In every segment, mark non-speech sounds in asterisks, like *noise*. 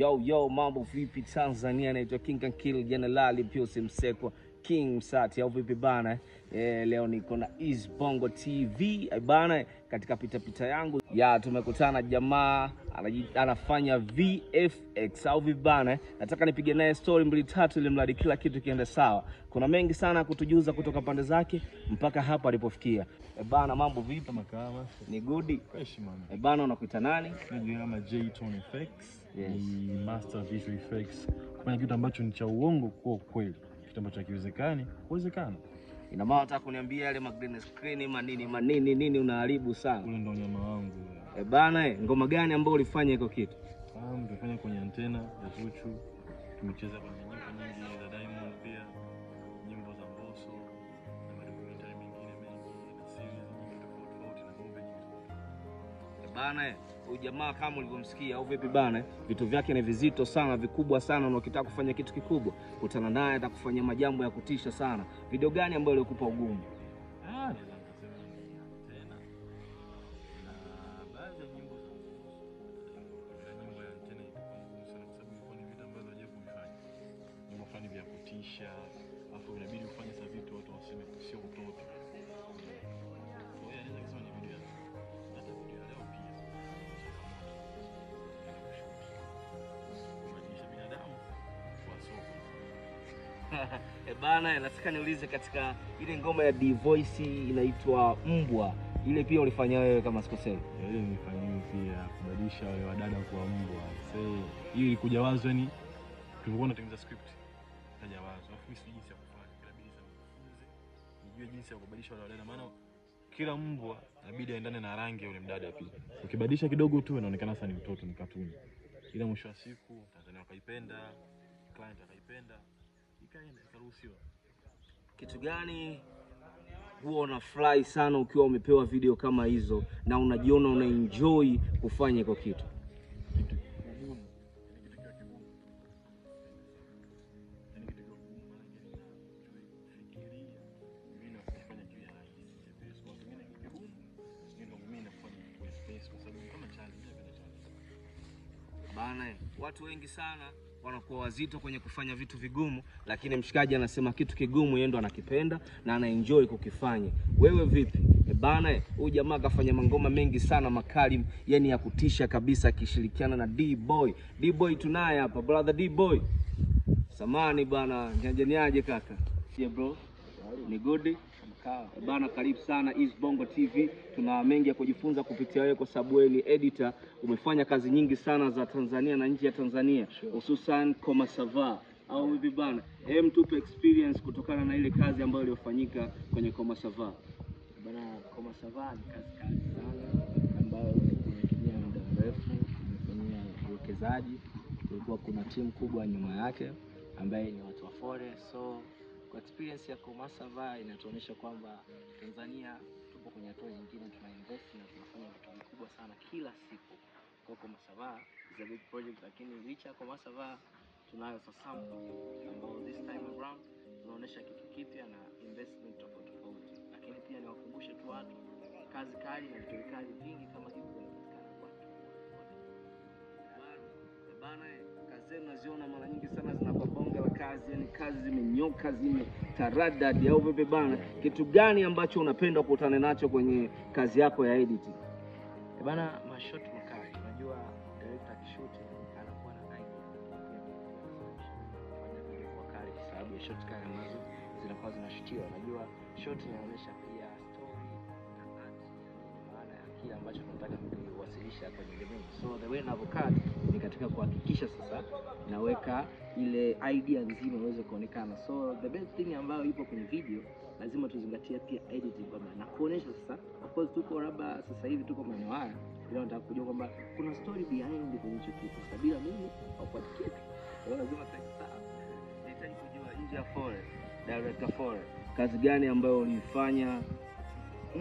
Yo, yo, mambo vipi Tanzania? Naitwa King Kankil, Jenerali Pius Msekwa King Msati au vipi bana E, Leo niko na East Bongo TV eh, bana, katika pitapita pita yangu ya tumekutana jamaa anafanya VFX au vibana. Eh? Nataka nipige naye story mbili tatu, ili mradi kila kitu kiende sawa. Kuna mengi sana kutujuza kutoka pande zake mpaka hapa alipofikia. E bana, mambo vipi? Makama ni good. E bana, unakuita nani? J Tone Effects. Yes. Ni master visual effects. Kufanya kitu ambacho ni cha uongo kwa kweli, kitu ambacho hakiwezekani kuwezekana. Ina maana unataka kuniambia yale magreen screen manini manini nini unaharibu sana. Ule ndo nyama wangu. E bana, eh, ngoma gani ambayo ulifanya hiko kitu? Tumefanya ah, kwenye antena ya Zuchu, tumecheza kwenye nyimbo nyingi za Diamond, pia nyimbo za Mbosso na madokumentari mengine mengi na series nyingi tofauti na kombe nyingi tofauti. Eh, bana, huyu jamaa kama ulivyomsikia au vipi bana, vitu vyake ni vizito sana, vikubwa sana, na ukitaka kufanya kitu kikubwa kutana naye, atakufanyia majambo ya kutisha sana. Video gani ambayo ilikupa ugumu? fulani vya kutisha, alafu inabidi ufanye sa vitu watu waseme sio mtoto. E *laughs* eh, bana, nataka niulize katika ile ngoma ya D Voice inaitwa Mbwa, ile pia ulifanya wewe kama sikosei? Ile nilifanyia pia kubadilisha wale wadada kwa mbwa. Sasa hiyo ilikuja wazo, yani tulikuwa tunatengeneza script taja wazo, alafu mimi sijui jinsi ya kufanya, kila bidii sasa nifunze nijue jinsi ya kubadilisha wale wadada, maana kila mbwa inabidi aendane na rangi ya ule mdada pia. Ukibadilisha kidogo tu inaonekana sasa ni mtoto ni katuni, ila mwisho wa siku Tanzania wakaipenda, client akaipenda, ikaenda ikaruhusiwa. Kitu gani huwa unafurahi sana ukiwa umepewa video kama hizo na unajiona unaenjoy kufanya hiko kitu? watu wengi sana wanakuwa wazito kwenye kufanya vitu vigumu, lakini mshikaji anasema kitu kigumu yeye ndo anakipenda na anaenjoy kukifanya. Wewe vipi? Eh, bana, huyu jamaa kafanya mangoma mengi sana makali, yani ya kutisha kabisa, akishirikiana na D-Boy. D-Boy tunaye hapa, brother D-Boy. Samani bana, niaje niaje kaka? Yeah bro. Ni good. Kawa. Bana, karibu sana East Bongo TV. Tuna mengi ya kujifunza kupitia wewe, kwa sababu wewe ni editor. Umefanya kazi nyingi sana za Tanzania na nje ya Tanzania, hususan Koma Sava au hivi bana, hem, tupe experience kutokana na ile kazi ambayo iliyofanyika kwenye Koma Sava. Bana, Koma Sava ni kazi kazi sana ambayo imetumia muda mrefu, imefanyia uwekezaji. Kulikuwa kuna timu kubwa nyuma yake ambaye ni watu wa Forest so kwa experience ya Komasava inatuonyesha kwamba Tanzania tupo kwenye hatua nyingine, invest na tunafanya vitu vikubwa sana kila siku. Kwa Komasava is a big project, lakini licha ya Komasava tunayo Sasampa ambao this time around tunaonyesha kitu kipya na investment tofauti tofauti, lakini pia niwakumbushe tu watu kazi kali na vitendakazi vingi kama hivi vinapatikana kwatu bana. Kazi zenu naziona mara nyingi sana zinakuwa kazi, ni yaani kazi zimenyoka, zimetaradadi au vipi bana? Kitu gani ambacho unapenda kukutana nacho kwenye kazi yako ya editing? E eh, bana, mashot makali. Unajua director akishoot anakuwa na idea kwa kali, kwa sababu ya shot kali ambazo zinakuwa zinashutiwa. Unajua shot inaonyesha pia story na maana ya kile ambacho tunataka kukiwasilisha kwenye jamii. So the way ninavyokaa ni katika kuhakikisha sasa naweka ile idea nzima iweze kuonekana. So the best thing ambayo ipo kwenye video lazima tuzingatia pia editing, kwa maana kuonesha sasa. Of course tuko labda sasa hivi tuko maeneo haya, ila nataka kujua kwamba kuna story behind kwenye hicho kitu, kwa bila mimi kwa kitu. Kwa lazima nahitaji kujua nje ya forest, director forest, kazi gani ambayo ulifanya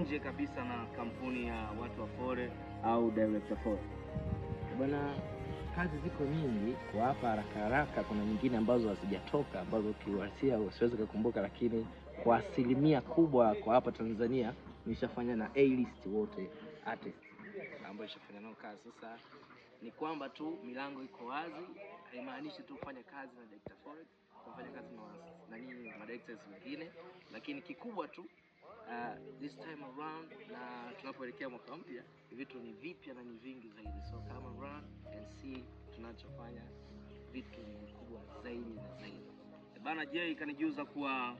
nje kabisa na kampuni ya watu wa forest au director forest bwana kazi ziko nyingi kwa hapa haraka haraka. Kuna nyingine ambazo hazijatoka ambazo kiuhalisia siwezi kukumbuka, lakini kwa asilimia kubwa kwa hapa Tanzania nishafanya na A list wote artist ambao nishafanya nao kazi. Sasa ni kwamba tu milango iko wazi, haimaanishi tu kufanya kazi na director Forex, kufanya kazi na nani madirectors wengine, lakini kikubwa tu uh, this time around na tunapoelekea mwaka mpya vitu ni vipya na ni vingi zaidi, so come around and see tunachofanya vitu ni vikubwa zaidi na zaidi. Eh, bana Jay kanijuza kuwa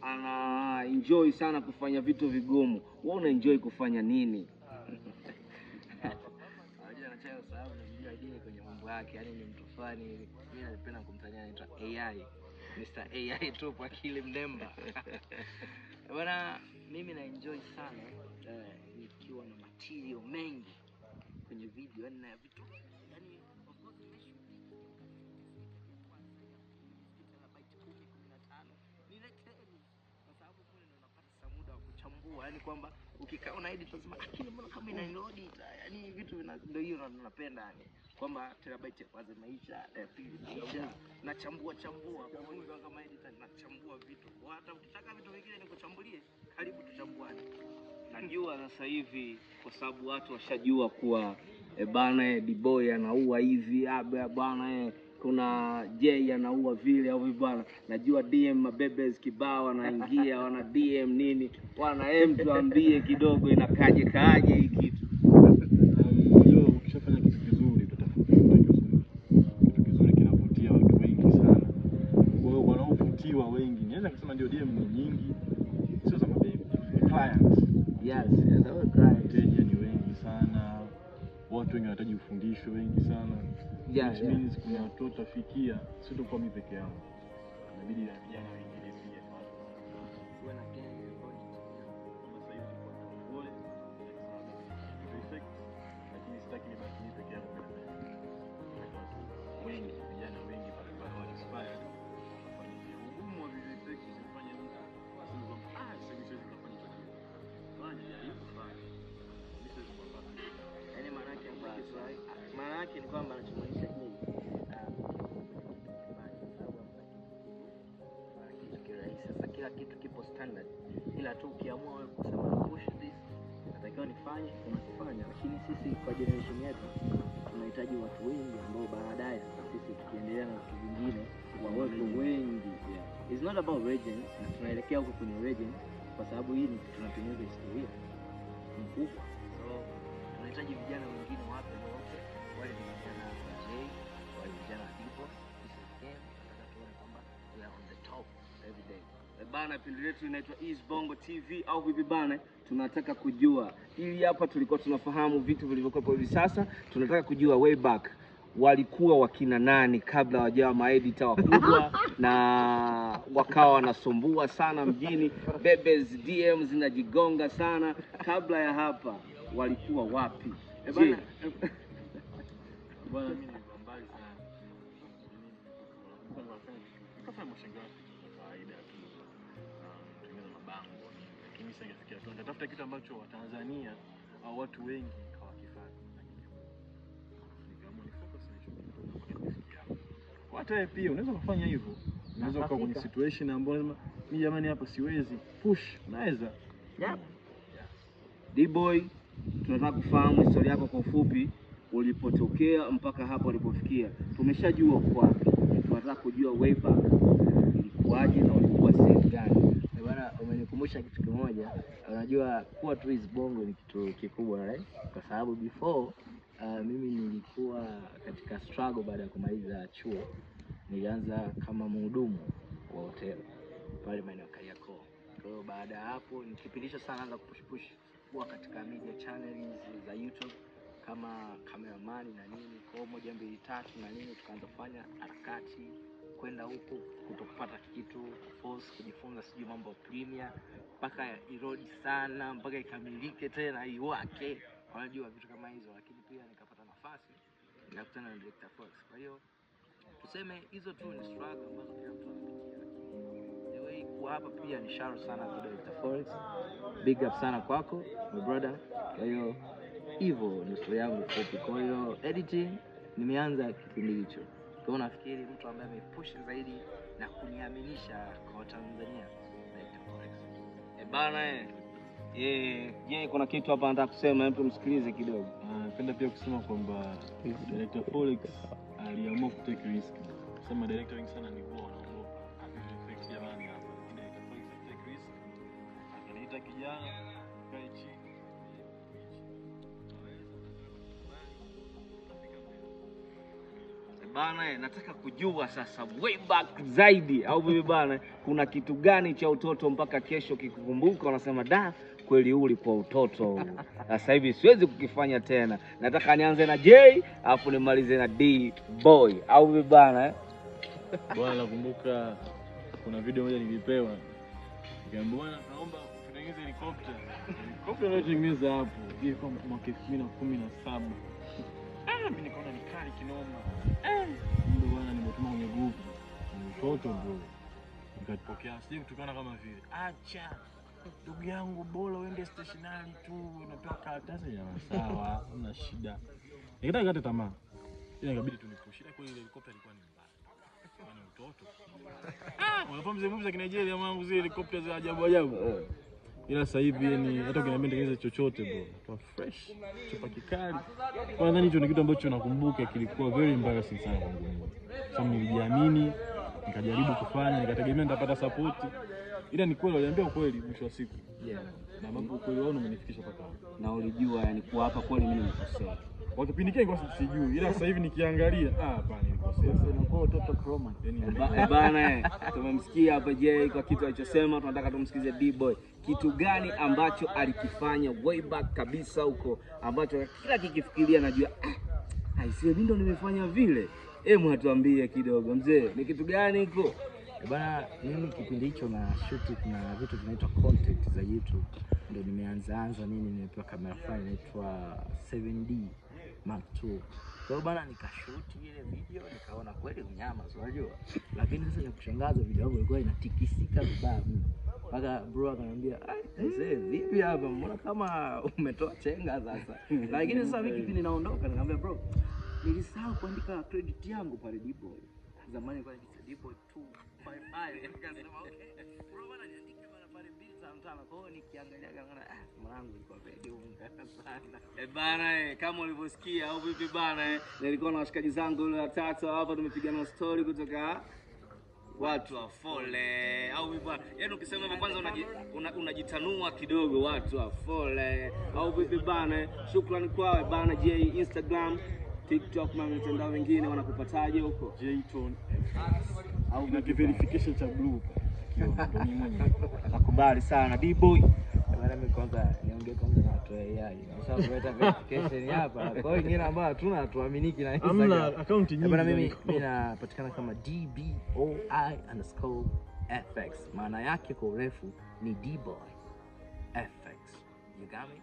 ana enjoy sana kufanya vitu vigumu. Wewe una enjoy kufanya nini? sababu kwenye mambo yake, yani ni mtu fulani hivi. Mimi kumtania anaitwa AI, Mr. AI tu kwa akili mnemba *laughs* bwana mimi na enjoy sana uh, nikiwa na material mengi kwenye video yani na vitu yani kwa sababu kule ndo napata muda wa kuchambua yani kwamba ukikaa unaedit unasema akili ah, mbona kama ina load yani vitu ndio hiyo napenda yani kwamba terabyte ya kwanza maisha ya pili maisha nachambua chambua kwa kama na chambua vitu hata ukitaka vitu vingine nikuchambulie karibu tuchambuane najua sasa hivi kwa sababu watu washajua kuwa e, bana e, eh, Bboy anaua hivi ah, bana e, eh, kuna J anaua vile au vipi bwana, najua DM mabebes kibao wanaingia wana DM nini bwana, em tuambie kidogo inakaje kaje hii kitu. Ukishafanya watu wengi sana. Kwa hiyo wengi, naweza kusema ndio DM nyingi, sio za mabebi, clients yes watu wengi wanahitaji ufundisho wengi sana yeah, yeah. means kuna watoto tafikia, sio tu kwa mimi peke yangu, inabidi na vijana wengi kitu kipo standard, ila tu ukiamua wewe kusema push this natakiwa nifanye, unakifanya. Lakini sisi kwa generation yetu tunahitaji watu wengi ambao baadaye sasa sisi tukiendelea na vitu vingine wa watu wengi yeah. It's not about region, na tunaelekea huko kwenye region kwa sababu hii tunatengeneza historia mkubwa, so tunahitaji vijana wengine wapya wote wale vijana bana, pindi letu inaitwa East Bongo TV au vipi bana? Tunataka kujua ili hapa tulikuwa tunafahamu vitu vilivyokuwepo hivi sasa, tunataka kujua way back walikuwa wakina nani kabla wajawa maedita wakubwa na wakawa wanasumbua sana mjini, bebes DM zinajigonga sana. Kabla ya hapa walikuwa wapi? Je, kabisa ikafikia tu natafuta kitu ambacho Watanzania au watu wengi hawakifanya, hata wewe pia unaweza kufanya hivyo. Unaweza kuwa kwenye situation ambayo unasema mimi jamani, hapa siwezi push, naweza yeah. D-boy, tunataka kufahamu historia yako kwa ufupi, ulipotokea mpaka hapo ulipofikia. Tumeshajua kwa tunataka kujua way back ilikuwaje na ulikuwa sehemu gani? bwana, umenikumbusha kitu kimoja. Unajua kuwa tu bongo ni kitu kikubwa right? Kwa sababu before uh, mimi nilikuwa katika struggle baada ya kumaliza chuo, nilianza kama mhudumu wa hotel pale maeneo Kariakoo. Kwa hiyo baada ya hapo nikipindisha sana anza kupushpush kuwa katika media channels za YouTube kama kameramani na nini, kwa moja mbili tatu na nini, tukaanza kufanya harakati kwenda huku kutokupata kitu force kujifunza sijui mambo ya Premier mpaka irodi sana mpaka ikamilike tena iwake, wanajua vitu kama hizo, lakini pia nikapata nafasi nikakutana na director Fox. Kwa hiyo tuseme hizo tu ni struggle ambazo kila mtu hapa pia ni sharo sana kwa director Fox, big up sana kwako my brother. Kwa hiyo hivyo ni story yangu fupi. Kwa hiyo editing nimeanza kipindi hicho. Kwa nafikiri mtu ambaye amepush zaidi na kuniaminisha kwa Tanzania e eh, bana e. eh. Je, kuna kitu hapa nataka kusema, mtu msikilize kidogo. Ah, napenda pia kusema kwamba director Forex aliamua ku take risk. Sema director wengi sana ni bora wanaamua affect jamani hapa. Director Forex take risk. Akaniita kijana kai chini Bana, nataka kujua sasa way back zaidi, au vipi bana? Kuna kitu gani cha utoto mpaka kesho kikukumbuka unasema da, kweli uli kwa utoto, *laughs* sasa hivi siwezi kukifanya tena. Nataka nianze na J alafu nimalize na D boy, au vipi bana? Eh? Bwana, nakumbuka kuna video moja nilipewa, nikaambiwa naomba kutengeneza helikopta. Helikopta nilitengeneza hapo ilikuwa mwaka elfu mbili na kumi na saba mimi nikaona ni kali kinoma. Eh. Ndio bwana, nimetuma kwenye group mtoto bro, nikatipokea sijui kutokana kama vile acha ndugu yangu, bora uende stationari tu, unapewa karatasi ya sawa, hamna shida. Nikataka kata tamaa, ila ikabidi tunipushia, kwa ile helikopta ilikuwa ni mbaya, yaani mtoto ah! unapomzungumza kinigeria mambo zile helikopta za ajabu ajabu ila sasa hivi ni hata ukiniambia nitengeneze chochote bro, kwa fresh chupa kikali. Kwa nadhani hicho ni kitu ambacho nakumbuka kilikuwa very embarrassing sana kwangu mimi, sababu nilijiamini nikajaribu kufanya, nikategemea nitapata support, ila ni kweli waliambia ukweli mwisho wa siku yeah. Na mambo ukweli wao umenifikisha mpaka na ulijua, yani kuwa hapa kweli mimi nimekosea kwa kipindi kile nilikuwa sijui, ila sasa hivi nikiangalia, ah, nilikosea bana. Yaani, eh, eh, tumemsikia hapa Jay kwa kitu alichosema, tunataka tumsikize D-Boy. Kitu gani ambacho alikifanya way back kabisa huko ambacho kila kikifikiria najua ah, aisee, mimi ndo nimefanya vile. Hebu atuambie kidogo mzee, ni kitu gani huko? Eh, bana, mimi kipindi hicho na shoot na vitu vinaitwa content za YouTube, ndo nimeanzaanza nini, nimepewa kamera fulani inaitwa 7D Mark II. Kwa bana nikashuti ile video nikaona kweli mnyama sio unajua. Lakini sasa ya kushangaza video yangu ilikuwa inatikisika vibaya mno. Paka bro akaniambia, "Ai, vipi hapa? Mbona kama umetoa chenga sasa?" Lakini sasa mimi kipindi naondoka nikamwambia bro, nilisahau kuandika credit yangu pale Dboy. Zamani kwa Dboy 255 nikasema okay sana. Kwa hiyo nikiangaliaga naona ah, mwanangu ilikuwa bedi sana. Eh, bana eh, kama ulivyosikia au vipi bana eh? Nilikuwa na washikaji zangu wale watatu hapa tumepigana story kutoka watu wafole au vipi bwana? Yaani ukisema hivyo kwanza unajitanua una, una kidogo watu wafole au vipi bana? Eh? Shukrani kwawe eh, bana J Instagram TikTok na mitandao mingine wanakupataje huko? Jayton au na verification cha blue Nakubali sana B-boy. Kwanza niongee kwanza na watu wa AI. Sasa kuleta verification hapa. Kwa hiyo wengine ambao hatuna hatuaminiki na hizo. Hamna account nyingi. Bwana mimi mimi napatikana kama underscore dboi_fx. Maana yake kwa urefu ni dboy fx. You got me?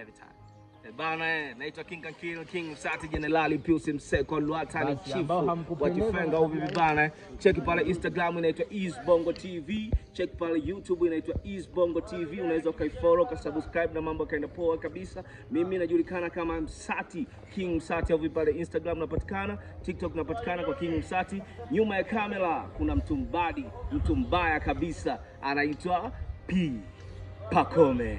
Every time. Eh, bana, eh, naitwa King Kakil, King Msati, Jenerali Pius Mseko Luatani chifu wa Kifenga vibana. vipi eh. bana? Cheki pale Instagram inaitwa East Bongo TV, cheki pale YouTube inaitwa East Bongo TV, unaweza ukaifollow, ka subscribe na mambo kaenda poa kabisa. Mimi najulikana kama Msati, King Msati au vipi pale Instagram napatikana, TikTok napatikana kwa King Msati. Nyuma ya kamera kuna mtu mbadi, mtu mbaya kabisa anaitwa P Pakome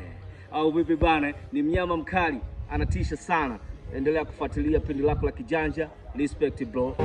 au vipi bana, ni mnyama mkali anatisha sana. Endelea kufuatilia pindi lako la kijanja. Respect bro.